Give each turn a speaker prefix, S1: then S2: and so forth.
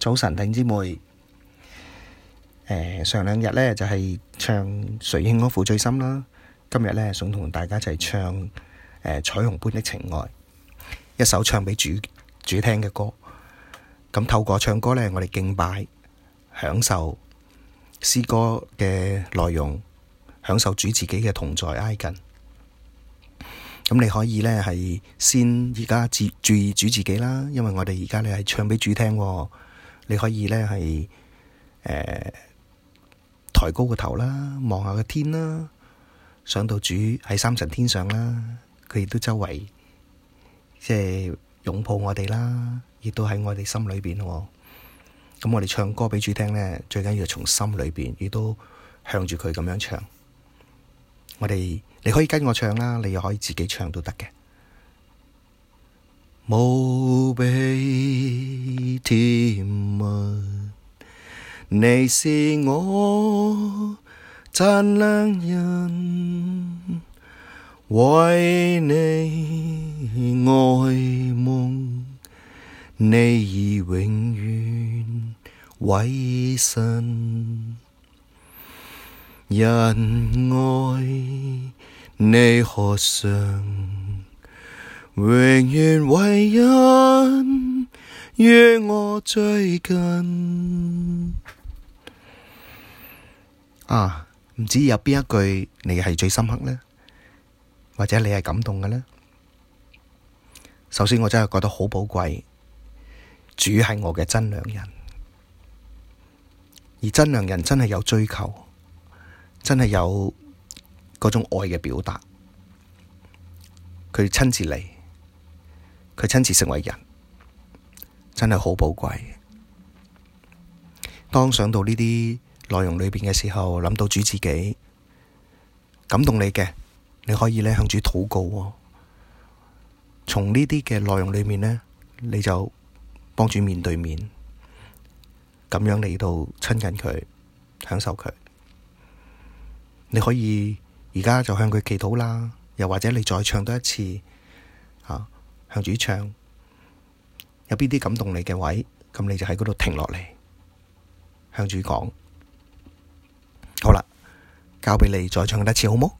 S1: 早晨，弟姊妹。誒、呃，上兩日咧就係、是、唱《誰應我負最深》啦。今日咧想同大家一齊唱《誒、呃、彩虹般的情愛》，一首唱畀主主聽嘅歌。咁、嗯、透過唱歌咧，我哋敬拜、享受詩歌嘅內容，享受主自己嘅同在挨近。咁、嗯、你可以咧係先而家注注意主自己啦，因為我哋而家咧係唱俾主聽喎、哦。你可以咧，係誒，抬高個頭啦，望下個天啦，上到主喺三層天上啦，佢亦都周圍即係擁抱我哋啦，亦都喺我哋心裏邊喎。咁我哋唱歌畀主聽咧，最緊要從心裏邊亦都向住佢咁樣唱。我哋你可以跟我唱啦，你又可以自己唱都得嘅。無比
S2: 甜。你是我真良人，為你愛夢，你已永遠委身，因愛，祢渴想，永遠為人，與我最近
S1: 啊，唔知有邊一句你係最深刻呢？或者你係感動嘅呢？首先，我真係覺得好寶貴，主係我嘅真良人，而真良人真係有追求，真係有嗰種愛嘅表達，佢親自嚟，佢親自成為人。真係好寶貴。當想到呢啲內容裏邊嘅時候，諗到主自己感動你嘅，你可以咧向主禱告哦。從呢啲嘅內容裏面咧，你就幫主面對面，咁樣嚟到親近佢，享受佢。你可以而家就向佢祈禱啦，又或者你再唱多一次，啊，向主唱。有邊啲感動你嘅位，咁你就喺嗰度停落嚟，向主講。好啦，交畀你再唱一次好冇？